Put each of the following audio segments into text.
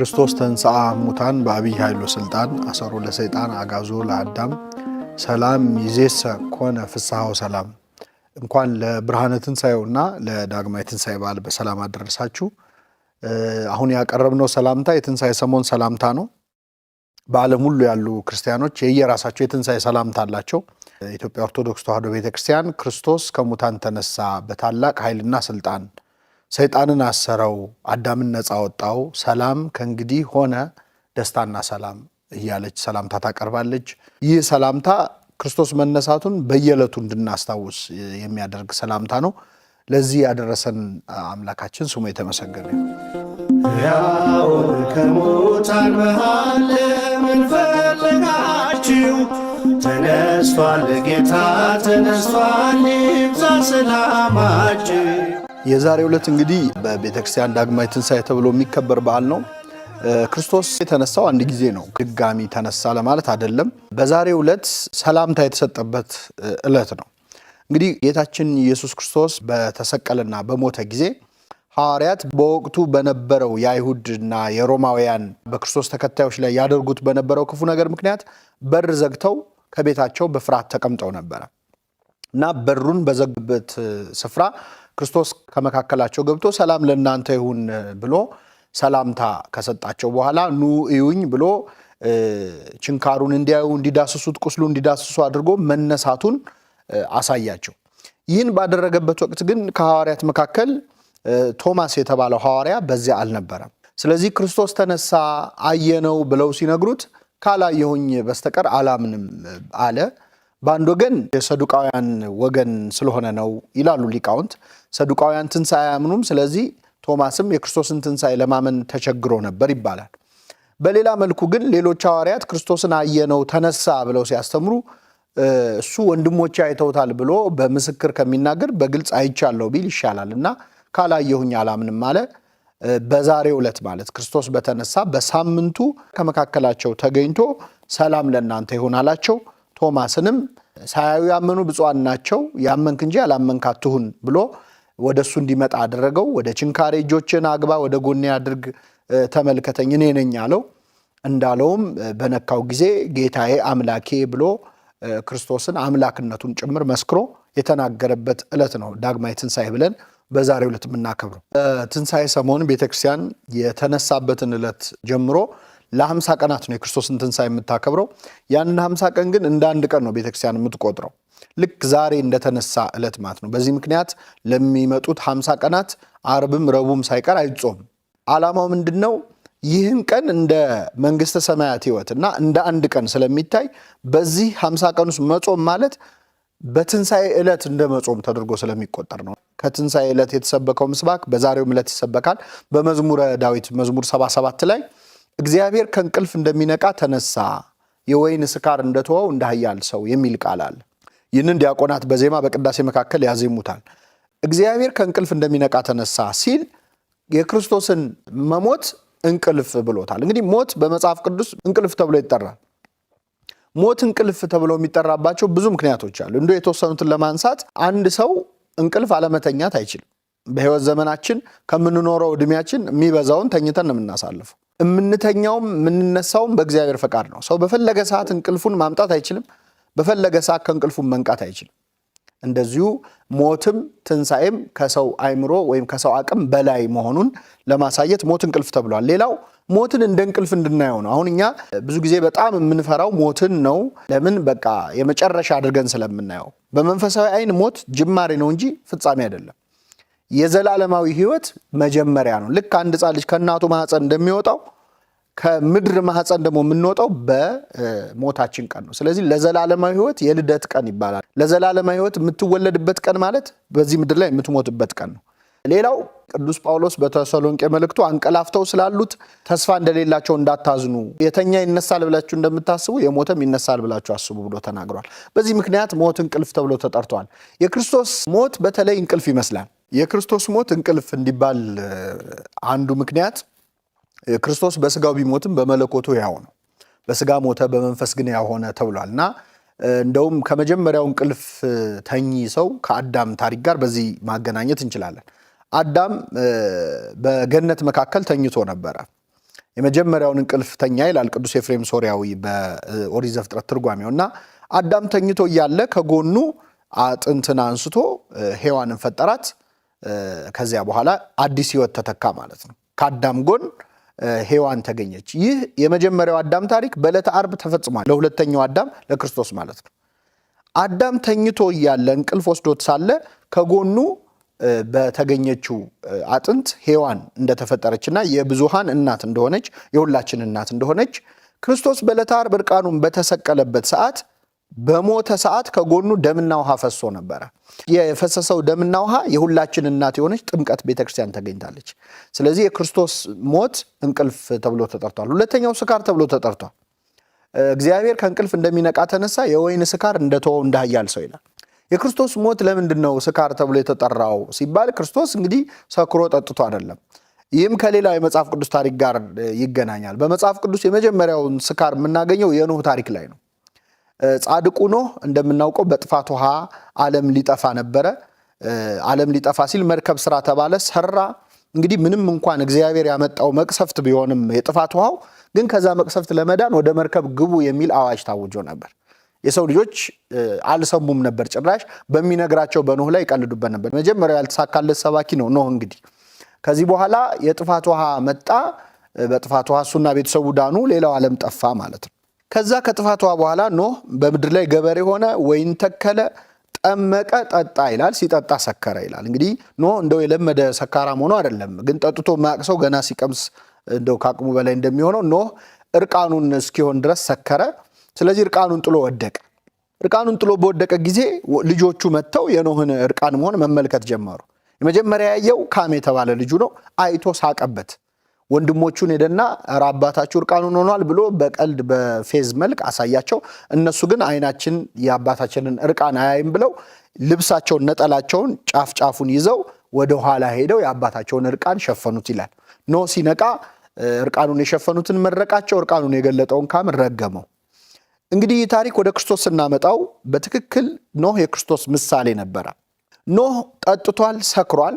ክርስቶስ ተንሥአ ሙታን በአብይ ኃይሎ ስልጣን አሰሮ ለሰይጣን አጋዞ ለአዳም ሰላም ይዜሰ ኮነ ፍስሐው ሰላም። እንኳን ለብርሃነ ትንሣኤውና ለዳግማዊ ትንሣኤ በዓል በሰላም አደረሳችሁ። አሁን ያቀረብነው ሰላምታ የትንሣኤ ሰሞን ሰላምታ ነው። በዓለም ሁሉ ያሉ ክርስቲያኖች የየራሳቸው የትንሣኤ ሰላምታ አላቸው። የኢትዮጵያ ኦርቶዶክስ ተዋሕዶ ቤተክርስቲያን ክርስቶስ ከሙታን ተነሳ በታላቅ ኃይልና ሥልጣን ሰይጣንን አሰረው፣ አዳምን ነፃ ወጣው፣ ሰላም ከእንግዲህ ሆነ ደስታና ሰላም እያለች ሰላምታ ታቀርባለች። ይህ ሰላምታ ክርስቶስ መነሳቱን በየዕለቱ እንድናስታውስ የሚያደርግ ሰላምታ ነው። ለዚህ ያደረሰን አምላካችን ስሙ የተመሰገነ ያውን ከሙታን መሃል ምን ፈለጋችሁ? ተነስቷል ጌታ ተነስቷል፣ ይብዛ ሰላማችሁ የዛሬ ዕለት እንግዲህ በቤተ ክርስቲያን ዳግማይ ትንሣኤ ተብሎ የሚከበር በዓል ነው። ክርስቶስ የተነሳው አንድ ጊዜ ነው፣ ድጋሚ ተነሳ ለማለት አይደለም። በዛሬ ዕለት ሰላምታ የተሰጠበት ዕለት ነው። እንግዲህ ጌታችን ኢየሱስ ክርስቶስ በተሰቀለና በሞተ ጊዜ ሐዋርያት በወቅቱ በነበረው የአይሁድና የሮማውያን በክርስቶስ ተከታዮች ላይ ያደርጉት በነበረው ክፉ ነገር ምክንያት በር ዘግተው ከቤታቸው በፍርሃት ተቀምጠው ነበረ እና በሩን በዘግበት ስፍራ ክርስቶስ ከመካከላቸው ገብቶ ሰላም ለእናንተ ይሁን ብሎ ሰላምታ ከሰጣቸው በኋላ ኑ እዩኝ ብሎ ችንካሩን እንዲያዩ እንዲዳስሱት፣ ቁስሉ እንዲዳስሱ አድርጎ መነሳቱን አሳያቸው። ይህን ባደረገበት ወቅት ግን ከሐዋርያት መካከል ቶማስ የተባለው ሐዋርያ በዚያ አልነበረም። ስለዚህ ክርስቶስ ተነሳ አየነው ብለው ሲነግሩት ካላየሁኝ በስተቀር አላምንም አለ። በአንድ ወገን የሰዱቃውያን ወገን ስለሆነ ነው ይላሉ ሊቃውንት። ሰዱቃውያን ትንሣኤ አያምኑም። ስለዚህ ቶማስም የክርስቶስን ትንሣኤ ለማመን ተቸግሮ ነበር ይባላል። በሌላ መልኩ ግን ሌሎች ሐዋርያት ክርስቶስን አየነው ተነሳ ብለው ሲያስተምሩ እሱ ወንድሞቼ አይተውታል ብሎ በምስክር ከሚናገር በግልጽ አይቻለሁ ቢል ይሻላል እና ካላየሁኝ አላምንም አለ። በዛሬ ዕለት ማለት ክርስቶስ በተነሳ በሳምንቱ ከመካከላቸው ተገኝቶ ሰላም ለእናንተ ይሆን አላቸው። ቶማስንም ሳያዩ ያመኑ ብፁዓን ናቸው፣ ያመንክ እንጂ ያላመንክ አትሁን ብሎ ወደ እሱ እንዲመጣ አደረገው። ወደ ችንካሬ እጆችን አግባ፣ ወደ ጎኔ አድርግ፣ ተመልከተኝ፣ እኔ ነኝ አለው። እንዳለውም በነካው ጊዜ ጌታዬ አምላኬ ብሎ ክርስቶስን አምላክነቱን ጭምር መስክሮ የተናገረበት ዕለት ነው ዳግማይ ትንሣኤ ብለን በዛሬ ዕለት የምናከብረው። ትንሣኤ ሰሞን ቤተክርስቲያን የተነሳበትን ዕለት ጀምሮ ለሀምሳ ቀናት ነው የክርስቶስን ትንሣኤ የምታከብረው። ያንን ሀምሳ ቀን ግን እንደ አንድ ቀን ነው ቤተክርስቲያን የምትቆጥረው፣ ልክ ዛሬ እንደተነሳ ዕለት ማለት ነው። በዚህ ምክንያት ለሚመጡት ሀምሳ ቀናት አርብም ረቡም ሳይቀር አይጾም ዓላማው ምንድን ነው? ይህን ቀን እንደ መንግሥተ ሰማያት ሕይወት እና እንደ አንድ ቀን ስለሚታይ በዚህ ሀምሳ ቀን ውስጥ መጾም ማለት በትንሣኤ ዕለት እንደ መጾም ተደርጎ ስለሚቆጠር ነው። ከትንሣኤ ዕለት የተሰበከው ምስባክ በዛሬውም ዕለት ይሰበካል። በመዝሙረ ዳዊት መዝሙር 77 ላይ እግዚአብሔር ከእንቅልፍ እንደሚነቃ ተነሳ፣ የወይን ስካር እንደተወው እንደ ኃያል ሰው የሚል ቃል አለ። ይህንን ዲያቆናት በዜማ በቅዳሴ መካከል ያዜሙታል። እግዚአብሔር ከእንቅልፍ እንደሚነቃ ተነሳ ሲል የክርስቶስን መሞት እንቅልፍ ብሎታል። እንግዲህ ሞት በመጽሐፍ ቅዱስ እንቅልፍ ተብሎ ይጠራል። ሞት እንቅልፍ ተብሎ የሚጠራባቸው ብዙ ምክንያቶች አሉ። እንዶ የተወሰኑትን ለማንሳት አንድ ሰው እንቅልፍ አለመተኛት አይችልም። በህይወት ዘመናችን ከምንኖረው እድሜያችን የሚበዛውን ተኝተን ነው የምናሳልፈው። የምንተኛውም የምንነሳውም በእግዚአብሔር ፈቃድ ነው። ሰው በፈለገ ሰዓት እንቅልፉን ማምጣት አይችልም። በፈለገ ሰዓት ከእንቅልፉን መንቃት አይችልም። እንደዚሁ ሞትም ትንሣኤም ከሰው አይምሮ ወይም ከሰው አቅም በላይ መሆኑን ለማሳየት ሞት እንቅልፍ ተብሏል። ሌላው ሞትን እንደ እንቅልፍ እንድናየው ነው። አሁን እኛ ብዙ ጊዜ በጣም የምንፈራው ሞትን ነው። ለምን? በቃ የመጨረሻ አድርገን ስለምናየው። በመንፈሳዊ አይን ሞት ጅማሬ ነው እንጂ ፍጻሜ አይደለም። የዘላለማዊ ህይወት መጀመሪያ ነው። ልክ አንድ ሕፃን ልጅ ከእናቱ ማህፀን እንደሚወጣው ከምድር ማህፀን ደግሞ የምንወጣው በሞታችን ቀን ነው። ስለዚህ ለዘላለማዊ ህይወት የልደት ቀን ይባላል። ለዘላለማዊ ህይወት የምትወለድበት ቀን ማለት በዚህ ምድር ላይ የምትሞትበት ቀን ነው። ሌላው ቅዱስ ጳውሎስ በተሰሎንቄ መልእክቱ አንቀላፍተው ስላሉት ተስፋ እንደሌላቸው እንዳታዝኑ፣ የተኛ ይነሳል ብላችሁ እንደምታስቡ የሞተም ይነሳል ብላችሁ አስቡ ብሎ ተናግሯል። በዚህ ምክንያት ሞት እንቅልፍ ተብሎ ተጠርቷል። የክርስቶስ ሞት በተለይ እንቅልፍ ይመስላል። የክርስቶስ ሞት እንቅልፍ እንዲባል አንዱ ምክንያት ክርስቶስ በስጋው ቢሞትም በመለኮቱ ያው ነው። በስጋ ሞተ፣ በመንፈስ ግን ያው ሆነ ተብሏል እና እንደውም ከመጀመሪያው እንቅልፍ ተኚ ሰው ከአዳም ታሪክ ጋር በዚህ ማገናኘት እንችላለን። አዳም በገነት መካከል ተኝቶ ነበረ። የመጀመሪያውን እንቅልፍ ተኛ ይላል ቅዱስ ኤፍሬም ሶሪያዊ በኦሪት ዘፍጥረት ትርጓሜው እና አዳም ተኝቶ እያለ ከጎኑ አጥንትን አንስቶ ሔዋንን ፈጠራት። ከዚያ በኋላ አዲስ ህይወት ተተካ ማለት ነው። ከአዳም ጎን ሔዋን ተገኘች። ይህ የመጀመሪያው አዳም ታሪክ በዕለተ ዓርብ ተፈጽሟል። ለሁለተኛው አዳም ለክርስቶስ ማለት ነው። አዳም ተኝቶ እያለ እንቅልፍ ወስዶት ሳለ ከጎኑ በተገኘችው አጥንት ሔዋን እንደተፈጠረችና የብዙሃን እናት እንደሆነች የሁላችን እናት እንደሆነች ክርስቶስ በዕለተ ዓርብ እርቃኑን በተሰቀለበት ሰዓት በሞተ ሰዓት ከጎኑ ደምና ውሃ ፈሶ ነበረ። የፈሰሰው ደምና ውሃ የሁላችን እናት የሆነች ጥምቀት ቤተክርስቲያን ተገኝታለች። ስለዚህ የክርስቶስ ሞት እንቅልፍ ተብሎ ተጠርቷል። ሁለተኛው ስካር ተብሎ ተጠርቷል። እግዚአብሔር ከእንቅልፍ እንደሚነቃ ተነሳ፣ የወይን ስካር እንደተወው እንዳያል ሰው ይላል። የክርስቶስ ሞት ለምንድን ነው ስካር ተብሎ የተጠራው ሲባል ክርስቶስ እንግዲህ ሰክሮ ጠጥቶ አይደለም። ይህም ከሌላው የመጽሐፍ ቅዱስ ታሪክ ጋር ይገናኛል። በመጽሐፍ ቅዱስ የመጀመሪያውን ስካር የምናገኘው የኖህ ታሪክ ላይ ነው። ጻድቁ ኖህ እንደምናውቀው በጥፋት ውሃ ዓለም ሊጠፋ ነበረ። ዓለም ሊጠፋ ሲል መርከብ ስራ ተባለ፣ ሰራ። እንግዲህ ምንም እንኳን እግዚአብሔር ያመጣው መቅሰፍት ቢሆንም የጥፋት ውሃው ግን ከዛ መቅሰፍት ለመዳን ወደ መርከብ ግቡ የሚል አዋጅ ታውጆ ነበር። የሰው ልጆች አልሰሙም ነበር። ጭራሽ በሚነግራቸው በኖህ ላይ ይቀልዱበት ነበር። መጀመሪያው ያልተሳካለት ሰባኪ ነው ኖህ። እንግዲህ ከዚህ በኋላ የጥፋት ውሃ መጣ። በጥፋት ውሃ እሱና ቤተሰቡ ዳኑ። ሌላው ዓለም ጠፋ ማለት ነው። ከዛ ከጥፋቷ በኋላ ኖህ በምድር ላይ ገበሬ ሆነ፣ ወይን ተከለ፣ ጠመቀ፣ ጠጣ ይላል። ሲጠጣ ሰከረ ይላል። እንግዲህ ኖህ እንደው የለመደ ሰካራም ሆኖ አይደለም፣ ግን ጠጥቶ ማቅሰው ገና ሲቀምስ እንደው ከአቅሙ በላይ እንደሚሆነው ኖህ እርቃኑን እስኪሆን ድረስ ሰከረ። ስለዚህ እርቃኑን ጥሎ ወደቀ። እርቃኑን ጥሎ በወደቀ ጊዜ ልጆቹ መጥተው የኖህን እርቃን መሆን መመልከት ጀመሩ። የመጀመሪያ ያየው ካም የተባለ ልጁ ነው። አይቶ ሳቀበት። ወንድሞቹን ሄደና ኧረ አባታችሁ እርቃኑን ሆኗል ብሎ በቀልድ በፌዝ መልክ አሳያቸው። እነሱ ግን አይናችን የአባታችንን እርቃን አያይም ብለው ልብሳቸውን፣ ነጠላቸውን ጫፍ ጫፉን ይዘው ወደ ኋላ ሄደው የአባታቸውን እርቃን ሸፈኑት ይላል። ኖህ ሲነቃ እርቃኑን የሸፈኑትን መረቃቸው፣ እርቃኑን የገለጠውን ካም ረገመው። እንግዲህ ይህ ታሪክ ወደ ክርስቶስ ስናመጣው በትክክል ኖህ የክርስቶስ ምሳሌ ነበረ። ኖህ ጠጥቷል፣ ሰክሯል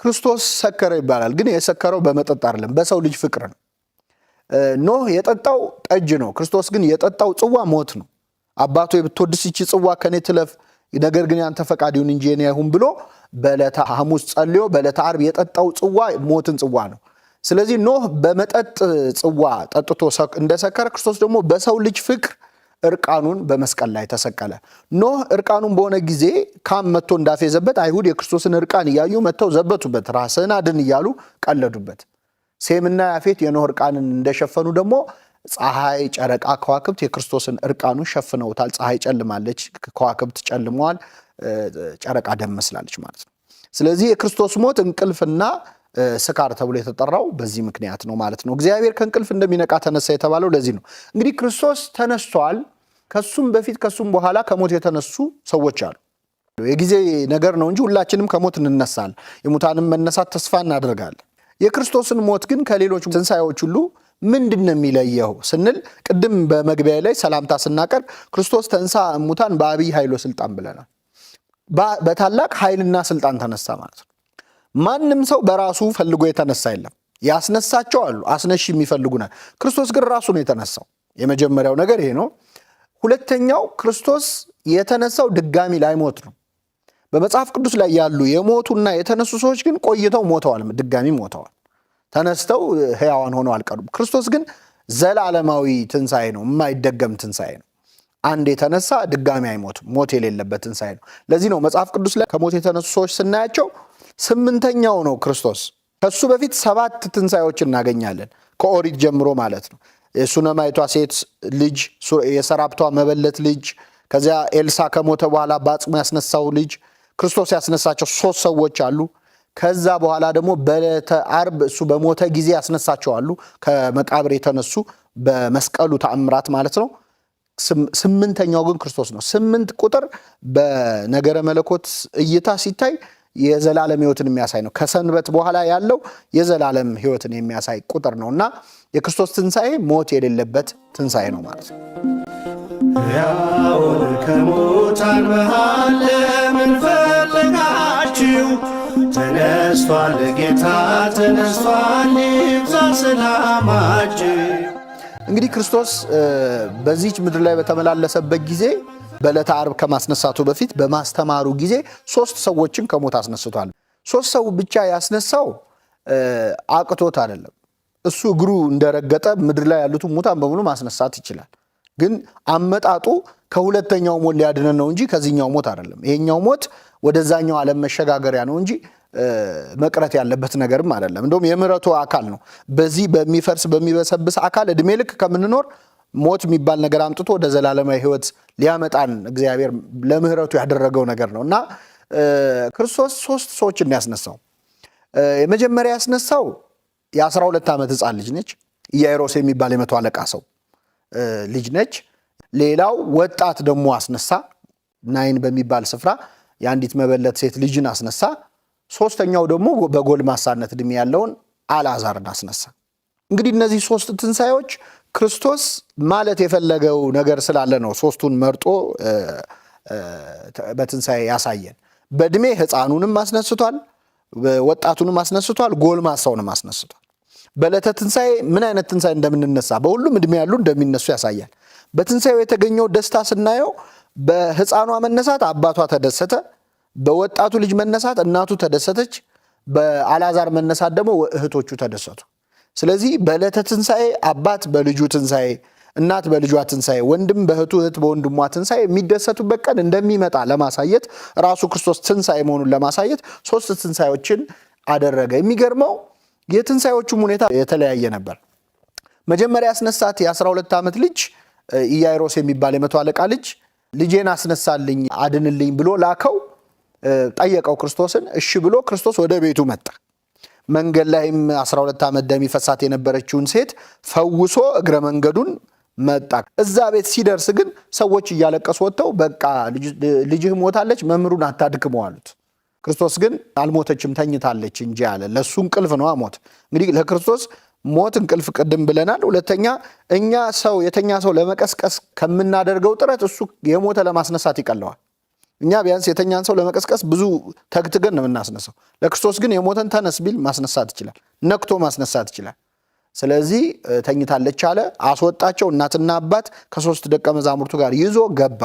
ክርስቶስ ሰከረ ይባላል። ግን የሰከረው በመጠጥ አይደለም፣ በሰው ልጅ ፍቅር ነው። ኖህ የጠጣው ጠጅ ነው። ክርስቶስ ግን የጠጣው ጽዋ ሞት ነው። አባቱ የብትወድስ ይቺ ጽዋ ከኔ ትለፍ፣ ነገር ግን ያንተ ፈቃድ ይሁን እንጂ የኔ አይሁን ብሎ በዕለተ ሐሙስ ጸልዮ በዕለተ ዓርብ የጠጣው ጽዋ ሞትን ጽዋ ነው። ስለዚህ ኖህ በመጠጥ ጽዋ ጠጥቶ እንደሰከረ ክርስቶስ ደግሞ በሰው ልጅ ፍቅር እርቃኑን በመስቀል ላይ ተሰቀለ። ኖህ እርቃኑን በሆነ ጊዜ ካም መጥቶ እንዳፌዘበት አይሁድ የክርስቶስን እርቃን እያዩ መጥተው ዘበቱበት፣ ራስን አድን እያሉ ቀለዱበት። ሴምና ያፌት የኖህ እርቃንን እንደሸፈኑ ደግሞ ፀሐይ፣ ጨረቃ፣ ከዋክብት የክርስቶስን እርቃኑን ሸፍነውታል። ፀሐይ ጨልማለች፣ ከዋክብት ጨልመዋል፣ ጨረቃ ደም መስላለች ማለት ነው። ስለዚህ የክርስቶስ ሞት እንቅልፍና ስካር ተብሎ የተጠራው በዚህ ምክንያት ነው ማለት ነው። እግዚአብሔር ከእንቅልፍ እንደሚነቃ ተነሳ የተባለው ለዚህ ነው። እንግዲህ ክርስቶስ ተነስቷል። ከሱም በፊት ከሱም በኋላ ከሞት የተነሱ ሰዎች አሉ። የጊዜ ነገር ነው እንጂ ሁላችንም ከሞት እንነሳል። የሙታንም መነሳት ተስፋ እናደርጋለን። የክርስቶስን ሞት ግን ከሌሎች ትንሣኤዎች ሁሉ ምንድን ነው የሚለየው ስንል ቅድም በመግቢያ ላይ ሰላምታ ስናቀርብ ክርስቶስ ተንሳ ሙታን በአብይ ኃይሎ ስልጣን ብለናል። በታላቅ ኃይልና ስልጣን ተነሳ ማለት ነው። ማንም ሰው በራሱ ፈልጎ የተነሳ የለም። ያስነሳቸው አሉ፣ አስነሽ የሚፈልጉ ናል። ክርስቶስ ግን ራሱ ነው የተነሳው። የመጀመሪያው ነገር ይሄ ነው። ሁለተኛው ክርስቶስ የተነሳው ድጋሚ ላይሞት ነው። በመጽሐፍ ቅዱስ ላይ ያሉ የሞቱና የተነሱ ሰዎች ግን ቆይተው ሞተዋል፣ ድጋሚ ሞተዋል። ተነስተው ሕያዋን ሆነው አልቀሩም። ክርስቶስ ግን ዘላለማዊ ትንሣኤ ነው፣ የማይደገም ትንሣኤ ነው። አንድ የተነሳ ድጋሚ አይሞትም፣ ሞት የሌለበት ትንሣኤ ነው። ለዚህ ነው መጽሐፍ ቅዱስ ላይ ከሞት የተነሱ ሰዎች ስናያቸው ስምንተኛው ነው ክርስቶስ። ከሱ በፊት ሰባት ትንሣኤዎች እናገኛለን ከኦሪት ጀምሮ ማለት ነው። የሱነማይቷ ሴት ልጅ የሰራብቷ መበለት ልጅ ከዚያ ኤልሳ ከሞተ በኋላ በአጽሙ ያስነሳው ልጅ ክርስቶስ ያስነሳቸው ሶስት ሰዎች አሉ። ከዛ በኋላ ደግሞ በዕለተ ዓርብ እሱ በሞተ ጊዜ ያስነሳቸው አሉ። ከመቃብር የተነሱ በመስቀሉ ተአምራት ማለት ነው። ስምንተኛው ግን ክርስቶስ ነው። ስምንት ቁጥር በነገረ መለኮት እይታ ሲታይ የዘላለም ሕይወትን የሚያሳይ ነው። ከሰንበት በኋላ ያለው የዘላለም ሕይወትን የሚያሳይ ቁጥር ነው እና የክርስቶስ ትንሣኤ ሞት የሌለበት ትንሣኤ ነው ማለት ነው። መሃል ለምን ፈለጋችሁ? ተነስቷል ጌታ ተነስቷል፣ ይብዛ ሰላማችሁ። እንግዲህ ክርስቶስ በዚች ምድር ላይ በተመላለሰበት ጊዜ በዕለተ ዓርብ ከማስነሳቱ በፊት በማስተማሩ ጊዜ ሶስት ሰዎችን ከሞት አስነስቷል። ሶስት ሰው ብቻ ያስነሳው አቅቶት አይደለም። እሱ እግሩ እንደረገጠ ምድር ላይ ያሉትን ሙታን በሙሉ ማስነሳት ይችላል። ግን አመጣጡ ከሁለተኛው ሞት ሊያድነን ነው እንጂ ከዚህኛው ሞት አይደለም። ይሄኛው ሞት ወደዛኛው ዓለም መሸጋገሪያ ነው እንጂ መቅረት ያለበት ነገርም አይደለም። እንደውም የምሕረቱ አካል ነው። በዚህ በሚፈርስ በሚበሰብስ አካል እድሜ ልክ ከምንኖር ሞት የሚባል ነገር አምጥቶ ወደ ዘላለማዊ ሕይወት ሊያመጣን እግዚአብሔር ለምሕረቱ ያደረገው ነገር ነው እና ክርስቶስ ሶስት ሰዎችን ያስነሳው የመጀመሪያ ያስነሳው የአስራ ሁለት ዓመት ህፃን ልጅ ነች። ኢያኢሮስ የሚባል የመቶ አለቃ ሰው ልጅ ነች። ሌላው ወጣት ደግሞ አስነሳ፣ ናይን በሚባል ስፍራ የአንዲት መበለት ሴት ልጅን አስነሳ። ሶስተኛው ደግሞ በጎልማሳነት እድሜ ያለውን አልዓዛርን አስነሳ። እንግዲህ እነዚህ ሶስት ትንሣኤዎች ክርስቶስ ማለት የፈለገው ነገር ስላለ ነው ሶስቱን መርጦ በትንሣኤ ያሳየን። በእድሜ ህፃኑንም አስነስቷል፣ ወጣቱንም አስነስቷል፣ ጎልማሳውንም አስነስቷል። በዕለተ ትንሣኤ ምን አይነት ትንሣኤ እንደምንነሳ በሁሉም ዕድሜ ያሉ እንደሚነሱ ያሳያል። በትንሣኤው የተገኘው ደስታ ስናየው በሕፃኗ መነሳት አባቷ ተደሰተ፣ በወጣቱ ልጅ መነሳት እናቱ ተደሰተች፣ በአላዛር መነሳት ደግሞ እህቶቹ ተደሰቱ። ስለዚህ በዕለተ ትንሣኤ አባት በልጁ ትንሣኤ፣ እናት በልጇ ትንሣኤ፣ ወንድም በእህቱ እህት በወንድሟ ትንሣኤ የሚደሰቱበት ቀን እንደሚመጣ ለማሳየት ራሱ ክርስቶስ ትንሣኤ መሆኑን ለማሳየት ሶስት ትንሣኤዎችን አደረገ። የሚገርመው የትንሣኤዎቹም ሁኔታ የተለያየ ነበር። መጀመሪያ ያስነሳት የ12 ዓመት ልጅ ኢያይሮስ የሚባል የመቶ አለቃ ልጅ ልጄን አስነሳልኝ አድንልኝ ብሎ ላከው፣ ጠየቀው ክርስቶስን። እሺ ብሎ ክርስቶስ ወደ ቤቱ መጣ። መንገድ ላይም 12 ዓመት ደም ይፈሳት የነበረችውን ሴት ፈውሶ እግረ መንገዱን መጣ። እዛ ቤት ሲደርስ ግን ሰዎች እያለቀሱ ወጥተው በቃ ልጅህ ሞታለች፣ መምህሩን አታድክመው አሉት። ክርስቶስ ግን አልሞተችም ተኝታለች እንጂ አለ። ለእሱ እንቅልፍ ነዋ ሞት። እንግዲህ ለክርስቶስ ሞት እንቅልፍ ቅድም ብለናል። ሁለተኛ እኛ ሰው የተኛ ሰው ለመቀስቀስ ከምናደርገው ጥረት እሱ የሞተ ለማስነሳት ይቀለዋል። እኛ ቢያንስ የተኛን ሰው ለመቀስቀስ ብዙ ተግትገን ነው የምናስነሳው። ለክርስቶስ ግን የሞተን ተነስ ቢል ማስነሳት ይችላል፣ ነክቶ ማስነሳት ይችላል። ስለዚህ ተኝታለች አለ። አስወጣቸው፣ እናትና አባት ከሶስት ደቀ መዛሙርቱ ጋር ይዞ ገባ።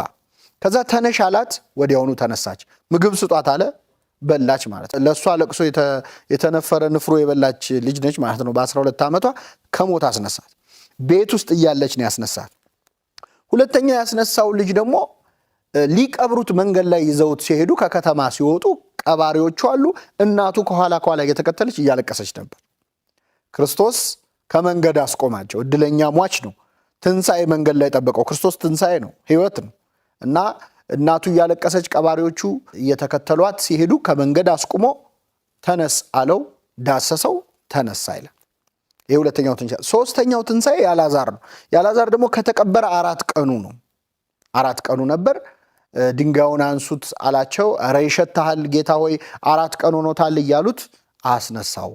ከዛ ተነሽ አላት፣ ወዲያውኑ ተነሳች። ምግብ ስጧት አለ፣ በላች ማለት ነው። ለእሷ ለቅሶ የተነፈረ ንፍሮ የበላች ልጅ ነች ማለት ነው። በ12 ዓመቷ ከሞት አስነሳት። ቤት ውስጥ እያለች ነው ያስነሳት። ሁለተኛ ያስነሳው ልጅ ደግሞ ሊቀብሩት መንገድ ላይ ይዘውት ሲሄዱ ከከተማ ሲወጡ ቀባሪዎቹ አሉ። እናቱ ከኋላ ከኋላ እየተከተለች እያለቀሰች ነበር። ክርስቶስ ከመንገድ አስቆማቸው። እድለኛ ሟች ነው። ትንሣኤ መንገድ ላይ ጠበቀው። ክርስቶስ ትንሣኤ ነው፣ ህይወት ነው እና እናቱ እያለቀሰች ቀባሪዎቹ እየተከተሏት ሲሄዱ ከመንገድ አስቁሞ ተነስ አለው። ዳሰሰው፣ ተነሳ አይለ። ይህ ሁለተኛው ትንሣኤ። ሶስተኛው ትንሣኤ ያላዛር ነው። ያላዛር ደግሞ ከተቀበረ አራት ቀኑ ነው። አራት ቀኑ ነበር። ድንጋዩን አንሱት አላቸው። ኧረ ይሸትሃል ጌታ ሆይ አራት ቀን ሆኖታል እያሉት አስነሳው።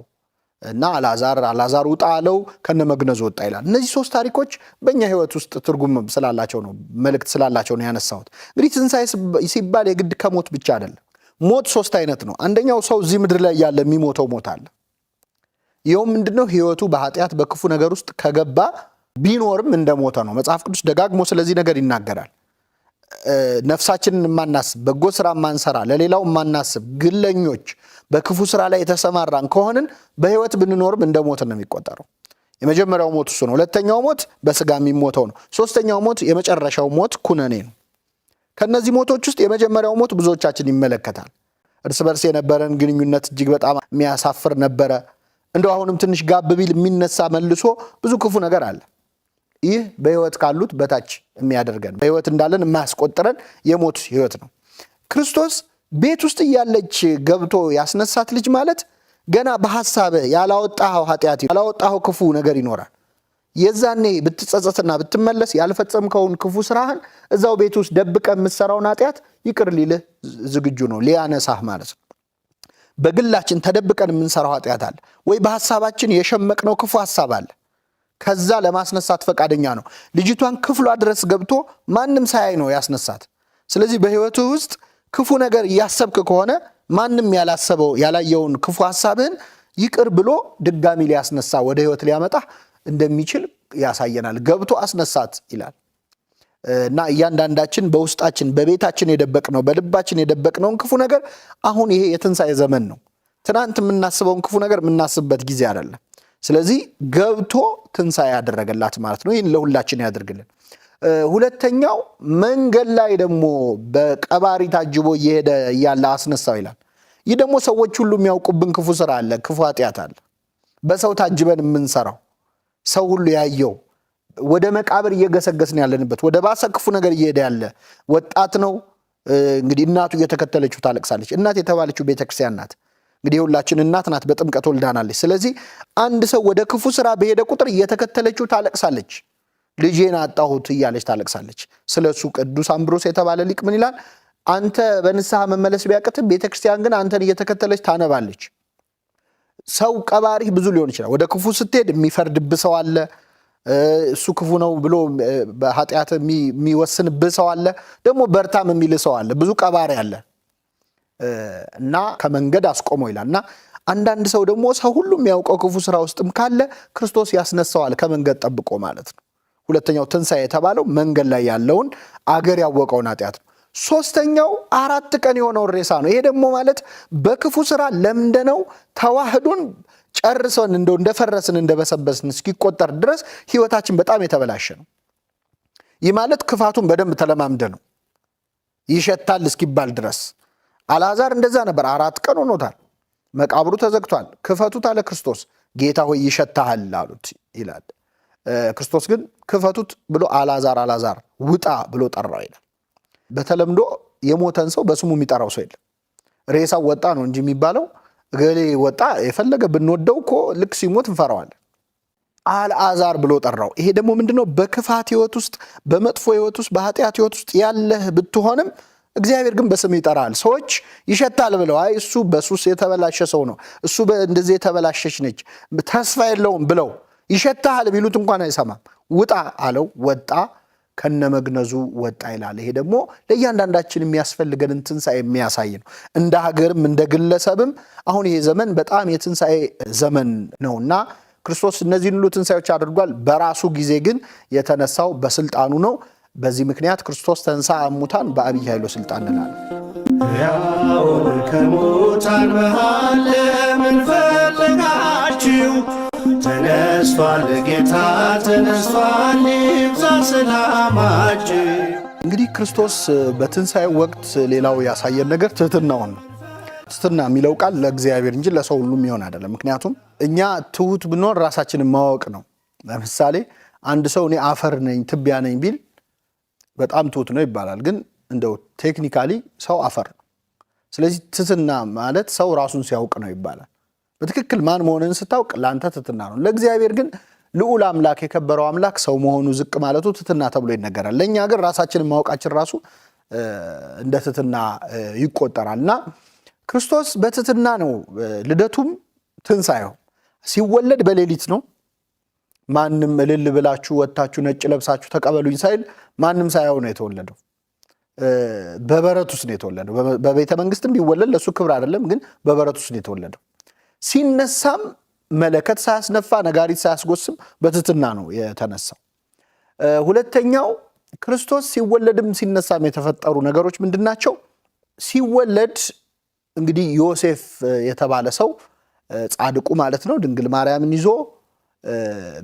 እና አላዛር አላዛር ውጣ አለው ከነ መግነዝ ወጣ ይላል። እነዚህ ሶስት ታሪኮች በእኛ ህይወት ውስጥ ትርጉም ስላላቸው ነው መልእክት ስላላቸው ነው ያነሳሁት። እንግዲህ ትንሣኤ ሲባል የግድ ከሞት ብቻ አይደለም። ሞት ሶስት አይነት ነው። አንደኛው ሰው እዚህ ምድር ላይ ያለ የሚሞተው ሞት አለ። ይኸውም ምንድነው? ህይወቱ በኃጢአት በክፉ ነገር ውስጥ ከገባ ቢኖርም እንደሞተ ነው። መጽሐፍ ቅዱስ ደጋግሞ ስለዚህ ነገር ይናገራል። ነፍሳችንን የማናስብ በጎ ስራ ማንሰራ ለሌላው የማናስብ ግለኞች፣ በክፉ ስራ ላይ የተሰማራን ከሆንን በህይወት ብንኖርም እንደ ሞት ነው የሚቆጠረው። የመጀመሪያው ሞት እሱ ነው። ሁለተኛው ሞት በስጋ የሚሞተው ነው። ሶስተኛው ሞት የመጨረሻው ሞት ኩነኔ ነው። ከእነዚህ ሞቶች ውስጥ የመጀመሪያው ሞት ብዙዎቻችን ይመለከታል። እርስ በርስ የነበረን ግንኙነት እጅግ በጣም የሚያሳፍር ነበረ። እንደው አሁንም ትንሽ ጋብ ቢል የሚነሳ መልሶ ብዙ ክፉ ነገር አለ። ይህ በህይወት ካሉት በታች የሚያደርገን በህይወት እንዳለን የማያስቆጥረን የሞት ህይወት ነው። ክርስቶስ ቤት ውስጥ እያለች ገብቶ ያስነሳት ልጅ ማለት ገና በሀሳብ ያላወጣኸው ኃጢአት ያላወጣኸው ክፉ ነገር ይኖራል። የዛኔ ብትጸጸትና ብትመለስ ያልፈጸምከውን ክፉ ስራህን እዛው ቤት ውስጥ ደብቀ የምትሰራውን ኃጢአት ይቅር ሊልህ ዝግጁ ነው፣ ሊያነሳህ ማለት ነው። በግላችን ተደብቀን የምንሰራው ኃጢአት አለ ወይ? በሐሳባችን የሸመቅነው ክፉ ሐሳብ አለ ከዛ ለማስነሳት ፈቃደኛ ነው። ልጅቷን ክፍሏ ድረስ ገብቶ ማንም ሳያይ ነው ያስነሳት። ስለዚህ በህይወቱ ውስጥ ክፉ ነገር እያሰብክ ከሆነ ማንም ያላሰበው ያላየውን ክፉ ሀሳብህን ይቅር ብሎ ድጋሚ ሊያስነሳ ወደ ህይወት ሊያመጣ እንደሚችል ያሳየናል። ገብቶ አስነሳት ይላል እና እያንዳንዳችን በውስጣችን በቤታችን የደበቅነው በልባችን የደበቅነውን ክፉ ነገር አሁን ይሄ የትንሣኤ ዘመን ነው። ትናንት የምናስበውን ክፉ ነገር የምናስብበት ጊዜ አይደለም። ስለዚህ ገብቶ ትንሣኤ ያደረገላት ማለት ነው። ይህን ለሁላችን ያደርግልን። ሁለተኛው መንገድ ላይ ደግሞ በቀባሪ ታጅቦ እየሄደ እያለ አስነሳው ይላል። ይህ ደግሞ ሰዎች ሁሉ የሚያውቁብን ክፉ ስራ አለ፣ ክፉ ኃጢአት አለ። በሰው ታጅበን የምንሰራው ሰው ሁሉ ያየው ወደ መቃብር እየገሰገስን ያለንበት ወደ ባሰ ክፉ ነገር እየሄደ ያለ ወጣት ነው። እንግዲህ እናቱ እየተከተለችው ታለቅሳለች። እናት የተባለችው ቤተክርስቲያን ናት። እንግዲህ የሁላችን እናት ናት፣ በጥምቀት ወልዳናለች። ስለዚህ አንድ ሰው ወደ ክፉ ስራ በሄደ ቁጥር እየተከተለችው ታለቅሳለች። ልጄን አጣሁት እያለች ታለቅሳለች። ስለ እሱ ቅዱስ አምብሮስ የተባለ ሊቅ ምን ይላል? አንተ በንስሐ መመለስ ቢያቅትም ቤተክርስቲያን ግን አንተን እየተከተለች ታነባለች። ሰው ቀባሪ ብዙ ሊሆን ይችላል። ወደ ክፉ ስትሄድ የሚፈርድብ ሰው አለ። እሱ ክፉ ነው ብሎ በኃጢአት የሚወስንብህ ሰው አለ። ደግሞ በርታም የሚል ሰው አለ። ብዙ ቀባሪ አለ። እና ከመንገድ አስቆመው ይላል እና አንዳንድ ሰው ደግሞ ሰው ሁሉ የሚያውቀው ክፉ ስራ ውስጥም ካለ ክርስቶስ ያስነሳዋል ከመንገድ ጠብቆ ማለት ነው። ሁለተኛው ትንሣኤ የተባለው መንገድ ላይ ያለውን አገር ያወቀውን ኃጢአት ነው። ሶስተኛው አራት ቀን የሆነውን ሬሳ ነው። ይሄ ደግሞ ማለት በክፉ ስራ ለምደነው ተዋህዶን ጨርሰን እንደው እንደፈረስን እንደበሰበስን እስኪቆጠር ድረስ ህይወታችን በጣም የተበላሸ ነው። ይህ ማለት ክፋቱን በደንብ ተለማምደ ነው ይሸታል እስኪባል ድረስ አልዓዛር እንደዛ ነበር። አራት ቀን ሆኖታል። መቃብሩ ተዘግቷል። ክፈቱት አለ ክርስቶስ። ጌታ ሆይ ይሸታሃል አሉት ይላል። ክርስቶስ ግን ክፈቱት ብሎ አልዓዛር አልዓዛር ውጣ ብሎ ጠራው ይላል። በተለምዶ የሞተን ሰው በስሙ የሚጠራው ሰው የለም። ሬሳው ወጣ ነው እንጂ የሚባለው እገሌ ወጣ። የፈለገ ብንወደው እኮ ልክ ሲሞት እንፈራዋለን። አልዓዛር ብሎ ጠራው። ይሄ ደግሞ ምንድነው? በክፋት ህይወት ውስጥ በመጥፎ ህይወት ውስጥ በኃጢአት ህይወት ውስጥ ያለህ ብትሆንም እግዚአብሔር ግን በስም ይጠራል። ሰዎች ይሸታል ብለው አይ እሱ በሱስ የተበላሸ ሰው ነው፣ እሱ እንደዚህ የተበላሸች ነች፣ ተስፋ የለውም ብለው ይሸታል ቢሉት እንኳን አይሰማም። ውጣ አለው፣ ወጣ፣ ከነመግነዙ ወጣ ይላል። ይሄ ደግሞ ለእያንዳንዳችን የሚያስፈልገንን ትንሣኤ የሚያሳይ ነው። እንደ ሀገርም እንደ ግለሰብም አሁን ይሄ ዘመን በጣም የትንሣኤ ዘመን እና ክርስቶስ እነዚህን ሁሉ ትንሣኤዎች አድርጓል። በራሱ ጊዜ ግን የተነሳው በስልጣኑ ነው። በዚህ ምክንያት ክርስቶስ ተንሳ አሙታን በአብይ ኃይሎ ስልጣን እንላለን። ከሙታን መሃል ምን ፈለጋችሁ? ተነስቷል ጌታ ተነስቷል፣ ይብዛ ሰላማችሁ። እንግዲህ ክርስቶስ በትንሣኤ ወቅት ሌላው ያሳየን ነገር ትህትናውን ነው። ትህትና የሚለው ቃል ለእግዚአብሔር እንጂ ለሰው ሁሉ የሚሆን አይደለም። ምክንያቱም እኛ ትሁት ብንሆን ራሳችንን ማወቅ ነው። ለምሳሌ አንድ ሰው እኔ አፈር ነኝ ትቢያ ነኝ ቢል በጣም ትሁት ነው ይባላል። ግን እንደው ቴክኒካሊ ሰው አፈር ነው። ስለዚህ ትትና ማለት ሰው ራሱን ሲያውቅ ነው ይባላል። በትክክል ማን መሆንን ስታውቅ ለአንተ ትትና ነው። ለእግዚአብሔር ግን ልዑል አምላክ የከበረው አምላክ ሰው መሆኑ ዝቅ ማለቱ ትትና ተብሎ ይነገራል። ለእኛ ግን ራሳችንን ማወቃችን ራሱ እንደ ትትና ይቆጠራል እና ክርስቶስ በትትና ነው ልደቱም ትንሣኤው ሲወለድ በሌሊት ነው። ማንም እልል ብላችሁ ወጥታችሁ ነጭ ለብሳችሁ ተቀበሉኝ ሳይል ማንም ሳያው ነው የተወለደው። በበረት ውስጥ ነው የተወለደው። በቤተ መንግስትም ቢወለድ ለእሱ ክብር አይደለም፣ ግን በበረት ውስጥ ነው የተወለደው። ሲነሳም መለከት ሳያስነፋ ነጋሪት ሳያስጎስም በትትና ነው የተነሳው። ሁለተኛው ክርስቶስ ሲወለድም ሲነሳም የተፈጠሩ ነገሮች ምንድን ናቸው? ሲወለድ እንግዲህ ዮሴፍ የተባለ ሰው ጻድቁ ማለት ነው ድንግል ማርያምን ይዞ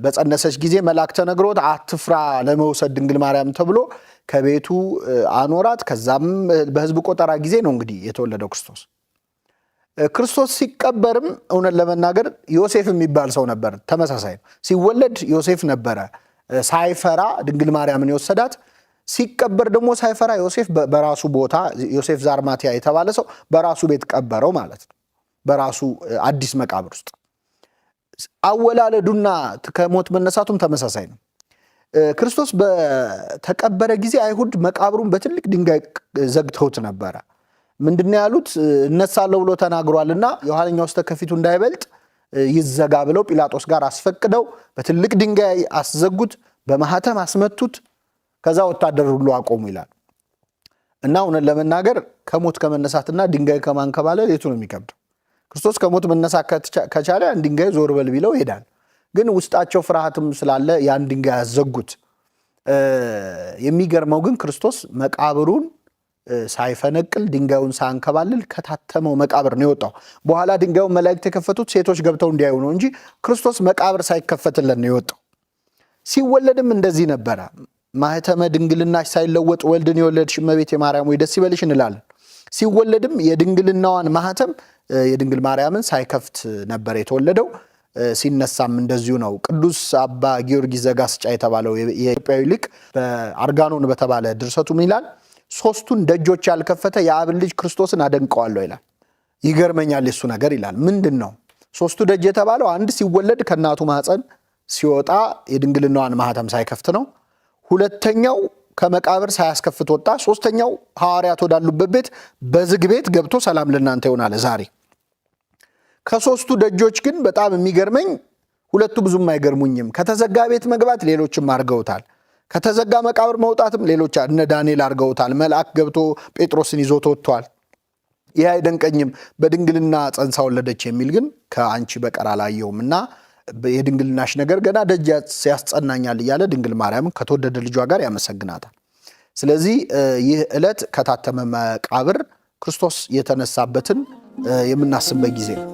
በጸነሰች ጊዜ መልአክ ተነግሮት አትፍራ ለመውሰድ ድንግል ማርያም ተብሎ ከቤቱ አኖራት። ከዛም በህዝብ ቆጠራ ጊዜ ነው እንግዲህ የተወለደው ክርስቶስ። ክርስቶስ ሲቀበርም እውነት ለመናገር ዮሴፍ የሚባል ሰው ነበር። ተመሳሳይ ነው። ሲወለድ ዮሴፍ ነበረ ሳይፈራ ድንግል ማርያምን የወሰዳት። ሲቀበር ደግሞ ሳይፈራ ዮሴፍ በራሱ ቦታ ዮሴፍ ዛርማቲያ የተባለ ሰው በራሱ ቤት ቀበረው ማለት ነው። በራሱ አዲስ መቃብር ውስጥ አወላለዱና ከሞት መነሳቱም ተመሳሳይ ነው። ክርስቶስ በተቀበረ ጊዜ አይሁድ መቃብሩን በትልቅ ድንጋይ ዘግተውት ነበረ። ምንድን ያሉት? እነሳለሁ ብሎ ተናግሯልና የኋለኛው ውስጥ ከፊቱ እንዳይበልጥ ይዘጋ ብለው ጲላጦስ ጋር አስፈቅደው በትልቅ ድንጋይ አስዘጉት፣ በማህተም አስመቱት። ከዛ ወታደር ሁሉ አቆሙ ይላል እና እውነት ለመናገር ከሞት ከመነሳትና ድንጋይ ከማንከባለል የቱ ነው የሚከብደው? ክርስቶስ ከሞት መነሳት ከቻለ ያን ድንጋይ ዞር በል ቢለው ይሄዳል። ግን ውስጣቸው ፍርሃትም ስላለ ያን ድንጋይ ያዘጉት። የሚገርመው ግን ክርስቶስ መቃብሩን ሳይፈነቅል ድንጋዩን ሳያንከባልል ከታተመው መቃብር ነው የወጣው። በኋላ ድንጋዩን መላእክት የከፈቱት ሴቶች ገብተው እንዲያዩ ነው እንጂ ክርስቶስ መቃብር ሳይከፈትለን ነው የወጣው። ሲወለድም እንደዚህ ነበረ። ማህተመ ድንግልናሽ ሳይለወጥ ወልድን የወለድሽ እመቤት የማርያም ወይ ደስ ይበልሽ እንላለን። ሲወለድም የድንግልናዋን ማህተም የድንግል ማርያምን ሳይከፍት ነበር የተወለደው። ሲነሳም እንደዚሁ ነው። ቅዱስ አባ ጊዮርጊስ ዘጋስጫ የተባለው የኢትዮጵያዊ ሊቅ በአርጋኖን በተባለ ድርሰቱ ምን ይላል? ሶስቱን ደጆች ያልከፈተ የአብን ልጅ ክርስቶስን አደንቀዋለሁ ይላል። ይገርመኛል የሱ ነገር ይላል። ምንድን ነው ሶስቱ ደጅ የተባለው? አንድ ሲወለድ ከእናቱ ማህፀን ሲወጣ የድንግልናዋን ማህተም ሳይከፍት ነው። ሁለተኛው ከመቃብር ሳያስከፍት ወጣ። ሶስተኛው ሐዋርያት ወዳሉበት ቤት በዝግ ቤት ገብቶ ሰላም ለእናንተ ይሆናል ዛሬ ከሶስቱ ደጆች ግን በጣም የሚገርመኝ ሁለቱ ብዙም አይገርሙኝም። ከተዘጋ ቤት መግባት ሌሎችም አድርገውታል። ከተዘጋ መቃብር መውጣትም ሌሎች እነ ዳንኤል አድርገውታል። መልአክ ገብቶ ጴጥሮስን ይዞ ወጥቷል። ይህ አይደንቀኝም። በድንግልና ጸንሳ ወለደች የሚል ግን ከአንቺ በቀር አላየውም እና የድንግልናሽ ነገር ገና ደጅ ያስጸናኛል እያለ ድንግል ማርያምን ከተወደደ ልጇ ጋር ያመሰግናታል። ስለዚህ ይህ ዕለት ከታተመ መቃብር ክርስቶስ የተነሳበትን የምናስብበት ጊዜ ነው።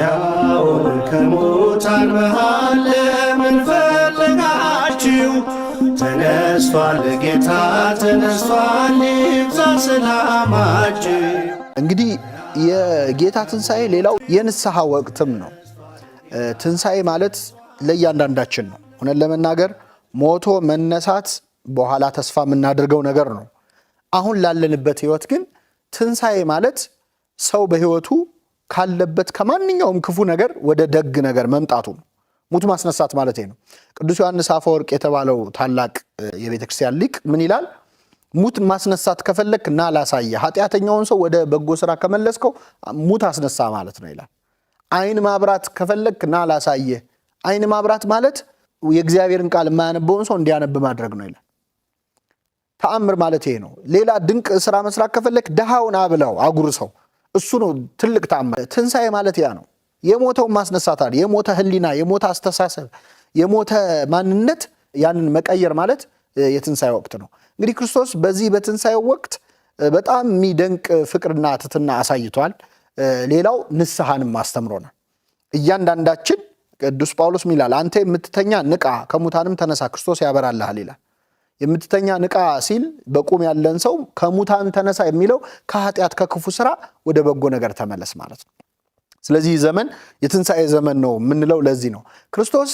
ያውን ከሙታን መሃል ለምን ፈለጋችሁ? ተነስቷል ጌታ ተነስቷል፣ ይብዛ ሰላማችሁ። እንግዲህ የጌታ ትንሣኤ ሌላው የንስሐ ወቅትም ነው። ትንሣኤ ማለት ለእያንዳንዳችን ነው። እውነት ለመናገር ሞቶ መነሳት በኋላ ተስፋ የምናደርገው ነገር ነው። አሁን ላለንበት ህይወት ግን ትንሣኤ ማለት ሰው በህይወቱ ካለበት ከማንኛውም ክፉ ነገር ወደ ደግ ነገር መምጣቱ ነው። ሙት ማስነሳት ማለት ነው። ቅዱስ ዮሐንስ አፈወርቅ የተባለው ታላቅ የቤተ ክርስቲያን ሊቅ ምን ይላል? ሙት ማስነሳት ከፈለክ ና ላሳየ፣ ኃጢአተኛውን ሰው ወደ በጎ ስራ ከመለስከው ሙት አስነሳ ማለት ነው ይላል። አይን ማብራት ከፈለግክ ና ላሳየህ። አይን ማብራት ማለት የእግዚአብሔርን ቃል የማያነበውን ሰው እንዲያነብ ማድረግ ነው ይላል። ተአምር ማለት ይሄ ነው። ሌላ ድንቅ ስራ መስራት ከፈለግክ ድሃውን አብላው፣ አጉርሰው። እሱ ነው ትልቅ ተአምር። ትንሣኤ ማለት ያ ነው። የሞተውን ማስነሳታል። የሞተ ህሊና፣ የሞተ አስተሳሰብ፣ የሞተ ማንነት ያንን መቀየር ማለት የትንሣኤ ወቅት ነው። እንግዲህ ክርስቶስ በዚህ በትንሣኤው ወቅት በጣም የሚደንቅ ፍቅርና ትትና አሳይቷል። ሌላው ንስሐንም አስተምሮናል። እያንዳንዳችን ቅዱስ ጳውሎስ ይላል አንተ የምትተኛ ንቃ፣ ከሙታንም ተነሳ፣ ክርስቶስ ያበራልሃል ይላል። የምትተኛ ንቃ ሲል በቁም ያለን ሰው ከሙታን ተነሳ የሚለው ከኃጢአት ከክፉ ስራ ወደ በጎ ነገር ተመለስ ማለት ነው። ስለዚህ ዘመን የትንሣኤ ዘመን ነው የምንለው ለዚህ ነው። ክርስቶስ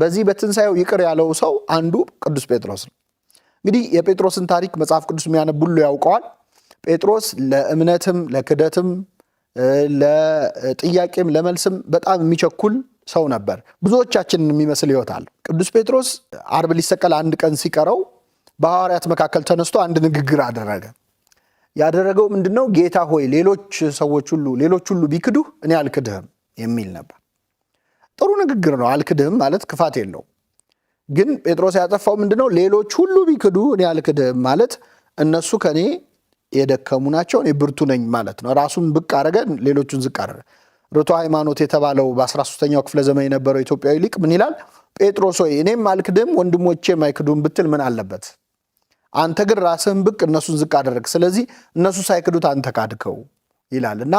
በዚህ በትንሣኤው ይቅር ያለው ሰው አንዱ ቅዱስ ጴጥሮስ ነው። እንግዲህ የጴጥሮስን ታሪክ መጽሐፍ ቅዱስ የሚያነብ ሁሉ ያውቀዋል። ጴጥሮስ ለእምነትም ለክደትም ለጥያቄም ለመልስም በጣም የሚቸኩል ሰው ነበር። ብዙዎቻችንን የሚመስል ይወታል። ቅዱስ ጴጥሮስ አርብ ሊሰቀል አንድ ቀን ሲቀረው በሐዋርያት መካከል ተነስቶ አንድ ንግግር አደረገ። ያደረገው ምንድን ነው? ጌታ ሆይ ሌሎች ሰዎች ሁሉ ሌሎች ሁሉ ቢክዱህ እኔ አልክድህም የሚል ነበር። ጥሩ ንግግር ነው። አልክድህም ማለት ክፋት የለው። ግን ጴጥሮስ ያጠፋው ምንድን ነው? ሌሎች ሁሉ ቢክዱ እኔ አልክድህም ማለት እነሱ ከእኔ የደከሙ ናቸው እኔ ብርቱ ነኝ ማለት ነው። ራሱን ብቅ አረገ፣ ሌሎቹን ዝቅ አረገ። ርቶ ሃይማኖት የተባለው በ13ኛው ክፍለ ዘመን የነበረው ኢትዮጵያዊ ሊቅ ምን ይላል? ጴጥሮስ ሆይ እኔም አልክድም ወንድሞቼም አይክዱም ብትል ምን አለበት? አንተ ግን ራስህን ብቅ እነሱን ዝቅ አደረግ። ስለዚህ እነሱ ሳይክዱት አንተ ካድከው ይላል እና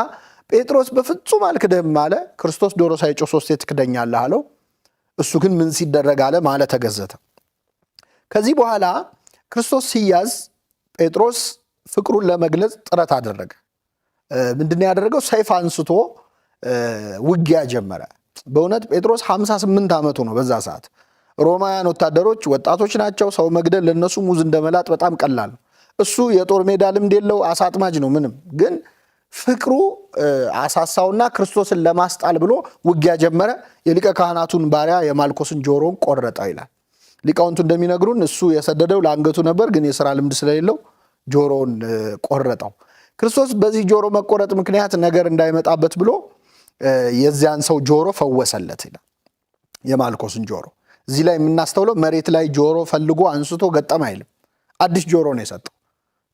ጴጥሮስ በፍጹም አልክድህም አለ። ክርስቶስ ዶሮ ሳይጮህ ሶስቴ ትክደኛለህ አለው። እሱ ግን ምን ሲደረግ አለ ማለ ተገዘተ። ከዚህ በኋላ ክርስቶስ ሲያዝ ጴጥሮስ ፍቅሩን ለመግለጽ ጥረት አደረገ። ምንድን ያደረገው? ሰይፍ አንስቶ ውጊያ ጀመረ። በእውነት ጴጥሮስ 58 ዓመቱ ነው በዛ ሰዓት። ሮማውያን ወታደሮች ወጣቶች ናቸው። ሰው መግደል ለእነሱ ሙዝ እንደመላጥ በጣም ቀላል ነው። እሱ የጦር ሜዳ ልምድ የለው፣ አሳጥማጅ ነው። ምንም ግን ፍቅሩ አሳሳውና ክርስቶስን ለማስጣል ብሎ ውጊያ ጀመረ። የሊቀ ካህናቱን ባሪያ የማልኮስን ጆሮን ቆረጠው ይላል። ሊቃውንቱ እንደሚነግሩን እሱ የሰደደው ለአንገቱ ነበር፣ ግን የስራ ልምድ ስለሌለው ጆሮውን ቆረጠው። ክርስቶስ በዚህ ጆሮ መቆረጥ ምክንያት ነገር እንዳይመጣበት ብሎ የዚያን ሰው ጆሮ ፈወሰለት ይላል። የማልኮስን ጆሮ እዚህ ላይ የምናስተውለው መሬት ላይ ጆሮ ፈልጎ አንስቶ ገጠም አይልም። አዲስ ጆሮ ነው የሰጠው።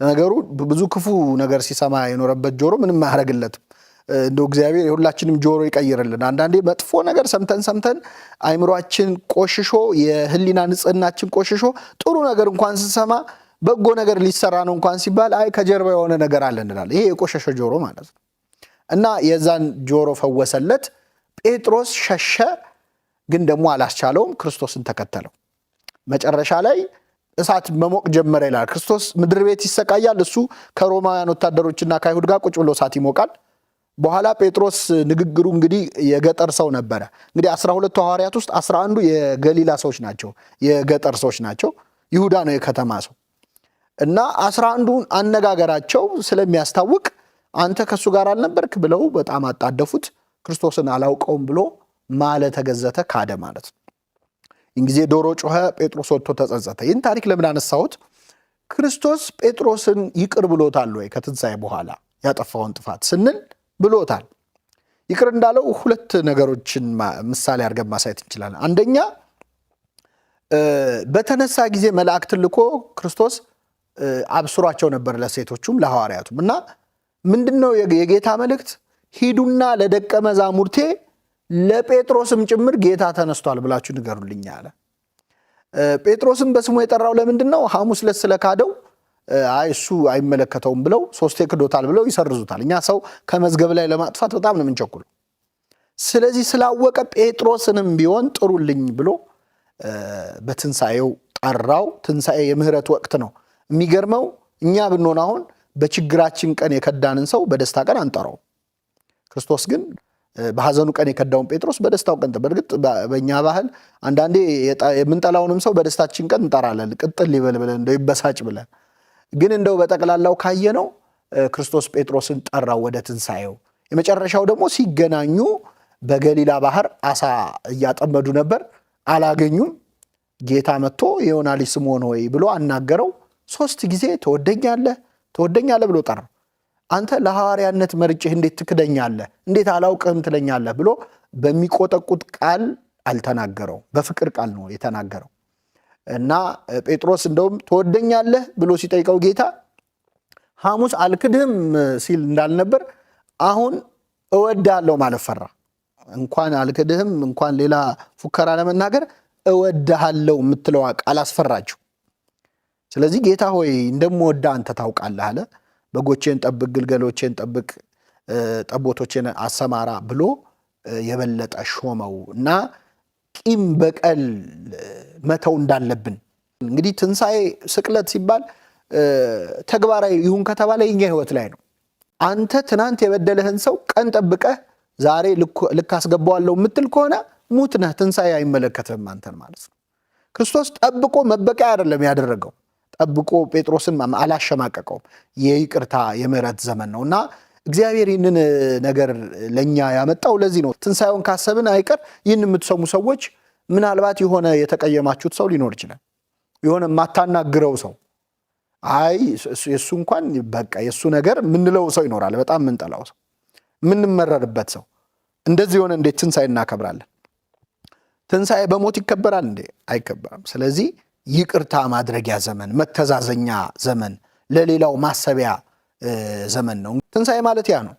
ነገሩ ብዙ ክፉ ነገር ሲሰማ የኖረበት ጆሮ ምንም አያደርግለትም። እንደው እግዚአብሔር የሁላችንም ጆሮ ይቀይርልን። አንዳንዴ መጥፎ ነገር ሰምተን ሰምተን አይምሯችን ቆሽሾ፣ የህሊና ንጽህናችን ቆሽሾ ጥሩ ነገር እንኳን ስንሰማ በጎ ነገር ሊሰራ ነው እንኳን ሲባል አይ ከጀርባ የሆነ ነገር አለ እንላለን። ይሄ የቆሸሸ ጆሮ ማለት ነው። እና የዛን ጆሮ ፈወሰለት። ጴጥሮስ ሸሸ፣ ግን ደግሞ አላስቻለውም። ክርስቶስን ተከተለው። መጨረሻ ላይ እሳት መሞቅ ጀመረ ይላል። ክርስቶስ ምድር ቤት ይሰቃያል። እሱ ከሮማውያን ወታደሮችና ከአይሁድ ጋር ቁጭ ብሎ እሳት ይሞቃል። በኋላ ጴጥሮስ ንግግሩ እንግዲህ የገጠር ሰው ነበረ። እንግዲህ አስራ ሁለቱ ሐዋርያት ውስጥ አስራ አንዱ የገሊላ ሰዎች ናቸው፣ የገጠር ሰዎች ናቸው። ይሁዳ ነው የከተማ ሰው። እና አስራ አንዱን አነጋገራቸው ስለሚያስታውቅ አንተ ከእሱ ጋር አልነበርክ ብለው በጣም አጣደፉት። ክርስቶስን አላውቀውም ብሎ ማለ፣ ተገዘተ፣ ካደ ማለት ነው። ይህን ጊዜ ዶሮ ጮኸ፣ ጴጥሮስ ወጥቶ ተጸጸተ። ይህን ታሪክ ለምን አነሳሁት? ክርስቶስ ጴጥሮስን ይቅር ብሎታል ወይ? ከትንሣኤ በኋላ ያጠፋውን ጥፋት ስንል ብሎታል። ይቅር እንዳለው ሁለት ነገሮችን ምሳሌ አድርገን ማሳየት እንችላለን። አንደኛ በተነሳ ጊዜ መላእክትን ልኮ ክርስቶስ አብስሯቸው ነበር ለሴቶቹም ለሐዋርያቱም። እና ምንድን ነው የጌታ መልእክት? ሂዱና ለደቀ መዛሙርቴ ለጴጥሮስም ጭምር ጌታ ተነስቷል ብላችሁ ንገሩልኝ አለ። ጴጥሮስም በስሙ የጠራው ለምንድን ነው? ሐሙስ ዕለት ስለካደው አይ እሱ አይመለከተውም ብለው ሶስቴ ክዶታል ብለው ይሰርዙታል። እኛ ሰው ከመዝገብ ላይ ለማጥፋት በጣም ነው የምንቸኩለው። ስለዚህ ስላወቀ ጴጥሮስንም ቢሆን ጥሩልኝ ብሎ በትንሣኤው ጠራው። ትንሣኤ የምህረት ወቅት ነው። የሚገርመው እኛ ብንሆን አሁን በችግራችን ቀን የከዳንን ሰው በደስታ ቀን አንጠራው። ክርስቶስ ግን በሐዘኑ ቀን የከዳውን ጴጥሮስ በደስታው ቀን በእርግጥ በእኛ ባህል አንዳንዴ የምንጠላውንም ሰው በደስታችን ቀን እንጠራለን፣ ቅጥል ሊበል ብለን እንደው ይበሳጭ ብለን። ግን እንደው በጠቅላላው ካየነው ክርስቶስ ጴጥሮስን ጠራው ወደ ትንሣኤው። የመጨረሻው ደግሞ ሲገናኙ በገሊላ ባህር አሳ እያጠመዱ ነበር፣ አላገኙም። ጌታ መጥቶ የዮና ልጅ ስምዖን ሆይ ብሎ አናገረው። ሶስት ጊዜ ትወደኛለህ ትወደኛለህ ብሎ ጠራው። አንተ ለሐዋርያነት መርጭህ እንዴት ትክደኛለህ? እንዴት አላውቅህም ትለኛለህ? ብሎ በሚቆጠቁጥ ቃል አልተናገረው፣ በፍቅር ቃል ነው የተናገረው። እና ጴጥሮስ እንደውም ትወደኛለህ ብሎ ሲጠይቀው ጌታ ሐሙስ አልክድህም ሲል እንዳልነበር አሁን እወድሃለሁ ማለት ፈራ። እንኳን አልክድህም እንኳን ሌላ ፉከራ ለመናገር እወድሃለሁ የምትለዋ ቃል ስለዚህ ጌታ ሆይ እንደምወዳ አንተ ታውቃለህ አለ። በጎቼን ጠብቅ፣ ግልገሎቼን ጠብቅ፣ ጠቦቶቼን አሰማራ ብሎ የበለጠ ሾመው እና ቂም በቀል መተው እንዳለብን እንግዲህ ትንሣኤ ስቅለት ሲባል ተግባራዊ ይሁን ከተባለ የኛ ህይወት ላይ ነው። አንተ ትናንት የበደለህን ሰው ቀን ጠብቀህ ዛሬ ልክ አስገባዋለሁ የምትል ከሆነ ሙት ነህ። ትንሣኤ አይመለከትም አንተን ማለት ነው። ክርስቶስ ጠብቆ መበቂያ አይደለም ያደረገው ጠብቆ ጴጥሮስን አላሸማቀቀውም። የይቅርታ የምረት ዘመን ነው እና እግዚአብሔር ይህንን ነገር ለእኛ ያመጣው ለዚህ ነው። ትንሣኤውን ካሰብን አይቀር ይህን የምትሰሙ ሰዎች ምናልባት የሆነ የተቀየማችሁት ሰው ሊኖር ይችላል። የሆነ የማታናግረው ሰው አይ የእሱ እንኳን በቃ የእሱ ነገር ምንለው ሰው ይኖራል። በጣም የምንጠላው ሰው፣ የምንመረርበት ሰው እንደዚህ የሆነ እንዴት ትንሣኤ እናከብራለን? ትንሣኤ በሞት ይከበራል እንዴ? አይከበርም። ስለዚህ ይቅርታ ማድረጊያ ዘመን፣ መተዛዘኛ ዘመን፣ ለሌላው ማሰቢያ ዘመን ነው። ትንሣኤ ማለት ያ ነው።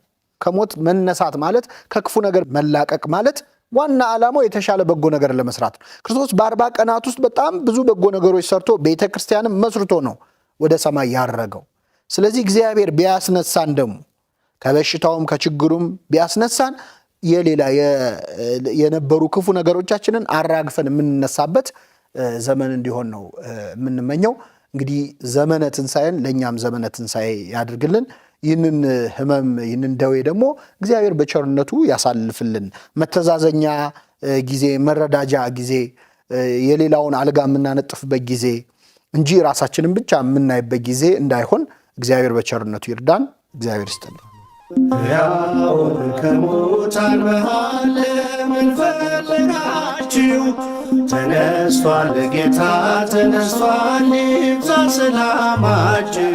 ከሞት መነሳት ማለት ከክፉ ነገር መላቀቅ ማለት ዋና ዓላማው የተሻለ በጎ ነገር ለመስራት ነው። ክርስቶስ በአርባ ቀናት ውስጥ በጣም ብዙ በጎ ነገሮች ሰርቶ ቤተ ክርስቲያንም መስርቶ ነው ወደ ሰማይ ያረገው። ስለዚህ እግዚአብሔር ቢያስነሳን ደግሞ ከበሽታውም ከችግሩም ቢያስነሳን የሌላ የነበሩ ክፉ ነገሮቻችንን አራግፈን የምንነሳበት ዘመን እንዲሆን ነው የምንመኘው። እንግዲህ ዘመነ ትንሣኤን ለእኛም ዘመነ ትንሣኤ ያድርግልን። ይህንን ህመም ይህንን ደዌ ደግሞ እግዚአብሔር በቸርነቱ ያሳልፍልን። መተዛዘኛ ጊዜ፣ መረዳጃ ጊዜ፣ የሌላውን አልጋ የምናነጥፍበት ጊዜ እንጂ ራሳችንን ብቻ የምናይበት ጊዜ እንዳይሆን እግዚአብሔር በቸርነቱ ይርዳን። እግዚአብሔር ይስጥልን። ያውን ከሞታን መሃል ምን ተነስቷል ጌታ ተነስቷል፣ ይብዛ ሰላማችን።